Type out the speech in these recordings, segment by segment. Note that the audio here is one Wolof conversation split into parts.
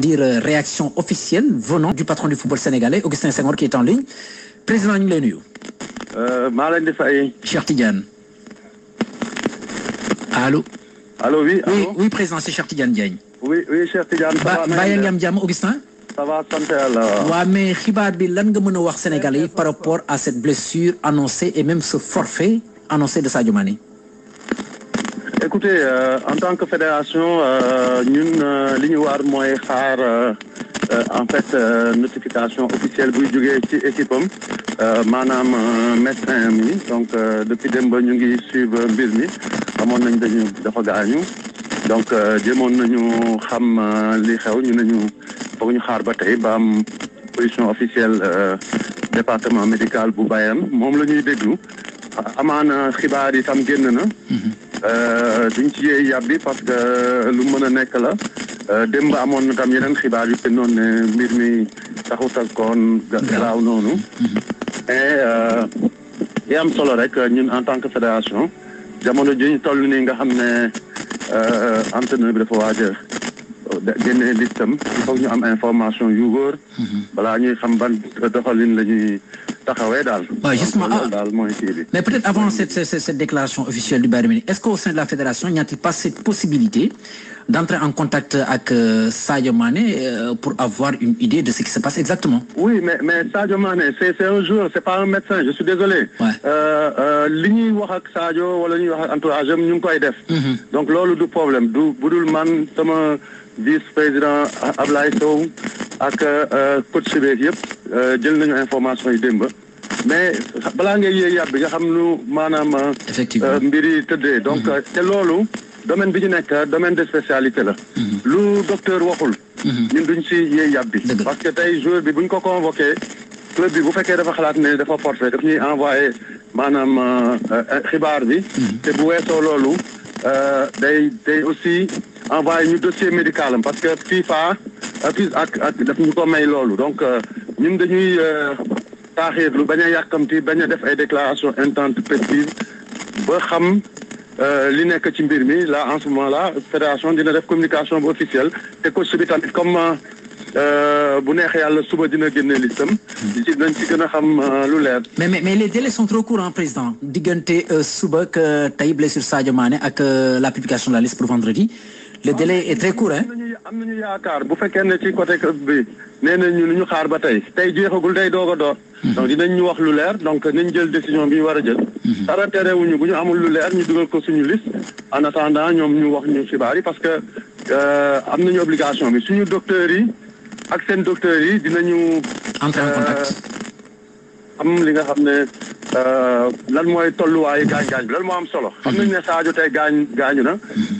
dire euh, réaction officielle venant du patron du football sénégalais Augustin Senghor qui est en ligne président ñu ngi lay nuyu. Cher euh, Cher Allô Allô, oui oui oui président c'est Cher Tidiane Diagne. oui oui Cher Tidiane. ça va Augustin. ça va santé yàlla. mais bi Sénégalais par rapport à cette blessure annoncée et même ce forfait annoncé de Sadio Mané écoutez euh, en tant que fédération euh, ñun euh, li ñu war mooy xaar en fait notification officielle buy jógee ci équipe am maanaam médecin ami. donc depuis démb ñu ngi suivre mbir mi xamoon nañ dañu dafa gaañu donc jéemoon nañu xam li xew ñu nañu foog ñu xaar ba tey ba am position officielle département médical bu Bayern moom la ñuy déglu amaana xibaar yi tam Euh, duñ ci yee yàbbi parce que euh, lu mën a nekk la euh, démb amoon na tam yeneen xibaar yu tënnoon ne mbir mi taxut ak koon garaaw noonu mais mm-hmm. yi am solo rek ñun en tant que fédération jamono ji ñu toll ni nga xam ne entraîneur bi dafa waaj génne liste am il faut ñu am information yu wóor. Mhm. balaa ñuy xam ban doxalin lañuy taxawé dal daal. justement ah, daal mooy kii mais peut-être avant cette cette déclaration officielle du Bayern Munich est-ce qu'au sein de la fédération n'y a-t-il pas cette possibilité d'entrer en contact avec euh, Sadio Mané euh, pour avoir une idée de ce qui se passe exactement. Oui, mais, mais Sadio Mané, c'est un joueur, c'est pas un médecin, je suis désolé. Euh, li ñuy wax ak Sadio wala ñuy wax ak entourage am ñu ngi koy def. Mhm. Donc loolu du problème du budul man sama vice président Ablaye Sow ak euh, coach beeg yëpp euh, jël nañu information yi démb mais balaa ngay yee yàbbi nga xam lu maanaam. Euh, effectivement mbir yi tëddee. donc mm-hmm. te loolu domaine bi ñu nekk domaine de spécialité la. Mm-hmm. lu docteur waxul. Mm-hmm. ñun duñ si yee yàbbi. parce que tey joueur bi bu buñ ko convoqué. club bi bu fekkee dafa xalaat ne dafa forfait daf ñuy envoyé maanaam xibaar bi. te bu weesoo loolu day day aussi. envoyé ñu dossier médical parce que FIFA FIS ak ak daf ñu ko may donc euh, ñun dañuy euh, taaxiirlu bañ a yàkkamti bañ a def ay déclaration intempestive ba xam euh, li nekk ci mbir mi là en ce moment là fédération dina def communication officielle te coach bi comme bu neex yàlla suba dina génne listam. di ci dañ ci gën xam lu leer. mais mais les délais sont trop courts en hein, président diggante suba que tey blessure Sadio Mané ak la publication de la liste pour vendredi. le délai est très court hein. am nañu yaakaar bu fekkee ne ci côté bi nee nañu ñu xaar ba tey tey jeexagul day doog a door. Mhm. donc dinañ ñu wax lu leer donc nañ jël décision bi war a jël. Mhm. dara terewuñu bu ñu amul lu leer ñu dugal ko suñu liste en attendant ñoom ñu wax ñu xibaar yi parce que euh, am nañu obligation bi suñu docteurs yi ak seen docteurs yi dinañu. entrer en euh, contact. am li nga xam ne euh, lan mooy tolluwaayu gaañ-gaañ bi lan moo am solo. xam nañ ne Sadio gaañ gaañu na. Mhm.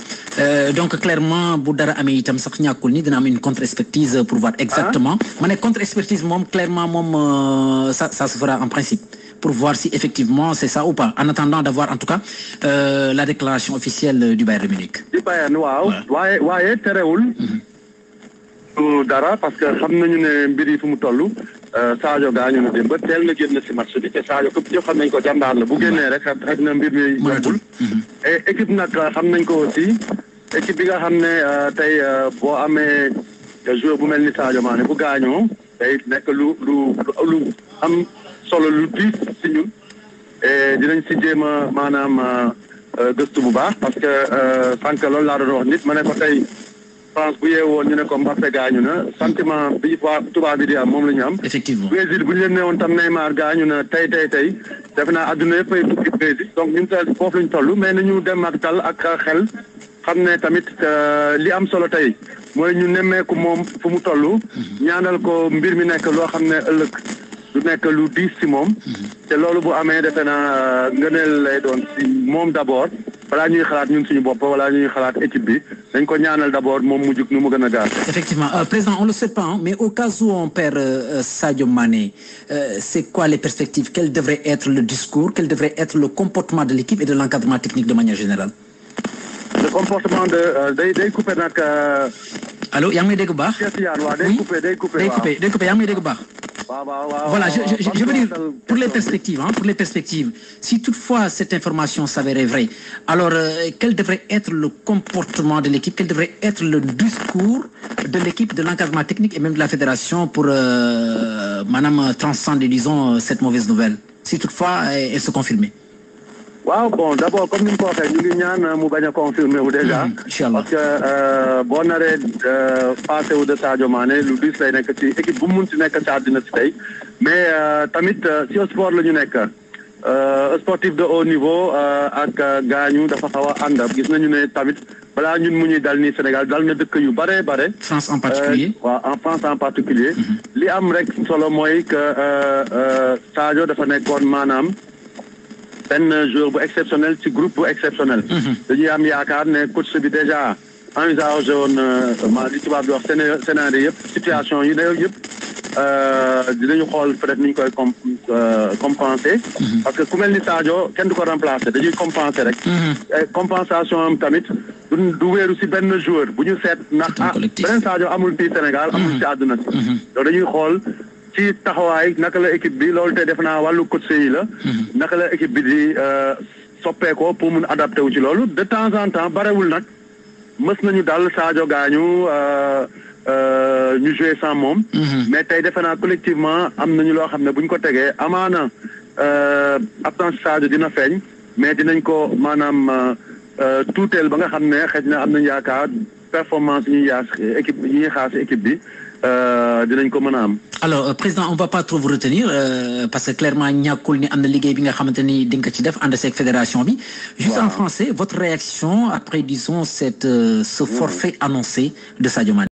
donc clairement bu dara amé itam sax ñakul ni dina am une contre-expertise pour voir exactement ah. ma contre-expertise mom clairement moom euh, ça ça se fera en principe pour voir si effectivement c'est ça ou pas en attendant d'avoir en tout cas euh, la déclaration officielle du Bayern Munich. du Bayern waaw waaye waaye terewul. Mhm. du dara parce que xam nañu ne mbir yi fu mu toll. Euh, Sadio ñu na ba tel na génn ci match bi té Sadio képp ñëpp xam nañ ko jàmbaar la bu génné rek xaj na mbir yi yombul. Mhm. et équipe nak xam nañ ko aussi. équipe bi nga xam ne euh, tey euh, boo amee euh, joueur bu mel ni Sadio Mané bu gaañoo tey nekk am solo lu diis si dinañ si jéem a maanaam gëstu bu baax parce que sànq loolu laa doon wax nit ma ne ko tey France bu yeewoon ñu ne ko Mbappé gaañu na sentiment bi waa tubaab bi di am moom la ñu am. effectivement Brésil bu ñu leen neewoon tam Neymar gaañu na tey tey tey defe naa àdduna yëpp ay tukki Brésil donc ñun tey foofu la ñu toll mais nañu dem ak dal ak xel. xam tamit euh, li am solo tay moy ñu nemmeeku mom fu mu tollu ñaanal ko mbir mi nek lo xam ne du nek lu diis ci mom té loolu bu amé défé na euh, ngëneel lay doon ci mom d'abord wala ñuy xalaat ñun suñu bopp wala ñuy xalaat équipe bi dañ ko ñaanal d'abord mom mu juk nu mu gëna a gaar. effectivement euh, président on le sait pas hein, mais au cas où on perd Sadio Mané c'est quoi les perspectives quel devrait être le discours quel devrait être le comportement de l'équipe et de l'encadrement technique de manière générale le comportement de découper euh, des coupé Voilà, je, veux dire, pour les perspectives, hein, pour les perspectives, si toutefois cette information s'avérait vraie, alors euh, quel devrait être le comportement de l'équipe, quel devrait être le discours de l'équipe, de l'encadrement technique et même de la fédération pour, euh, madame, transcender, disons, cette mauvaise nouvelle, si toutefois elle se confirmait waaw bon d' abord comme ni mu ko waxee ñu ngi ñaan euh, mu bañ a confirmé wu déjà. Hmm, incha allah parce que euh, boo naree euh, passé wu de Sadio Mané lu diis lay nekk ci équipe bu mu munti nekk ci àddina si tey mais tamit si sport la ñu nekk sportif de haut niveau ak gaañu dafa xaw a ànd gis nañu ne tamit balaa ñun mu ñuy dal ni Sénégal dal na dëkk yu bare bare. France en particulier waaw en France en particulier mm-hmm. li am rek solo mooy que Sadio dafa nekkoon maanaam. benn joueur bu exceptionnel ci groupe bu exceptionnel. Mhm. dañuy am yaakaar ne coach bi déjà usage woon euh, ma li tubaab di wax scénario yëpp situation yi ne yëpp. Euh, dinañu xool peut-être ni ñu koy com euh, compenser. Mhm. parce que ku mel ni Sadio kenn du ko remplacer dañuy compenser rek. Mhm. compensation am tamit du du wéeru ci benn joueur bu ñu seet. ndax ah beneen Sadio amul fii Sénégal. amul ci àdduna si. donc dañuy xool. ci taxawaay naka la équipe bi loolu te def naa wàllu coach yi la. Mm-hmm. naka la équipe bi di euh, soppeekoo pour mun adapté wu ci loolu de temps en temps barewul nag mës nañu dal Sadio gaañu euh, euh, ñu joué sans moom. Mm-hmm. mais tey defe naa collectivement am nañu loo xam ne bu ñu ko tegee amaana absence Sadio dina feeñ mais dinañ ko maanaam tuuteel ba nga xam ne xëj na am nañu yaakaar performance yi ñuy yaas équipe yi ñuy xaar si équipe bi. Euh, alors euh, président on va pas trop vous retenir euh, parce que clairement il a fédération juste en français votre réaction après disons cette ce mmh. forfait annoncé de Sadio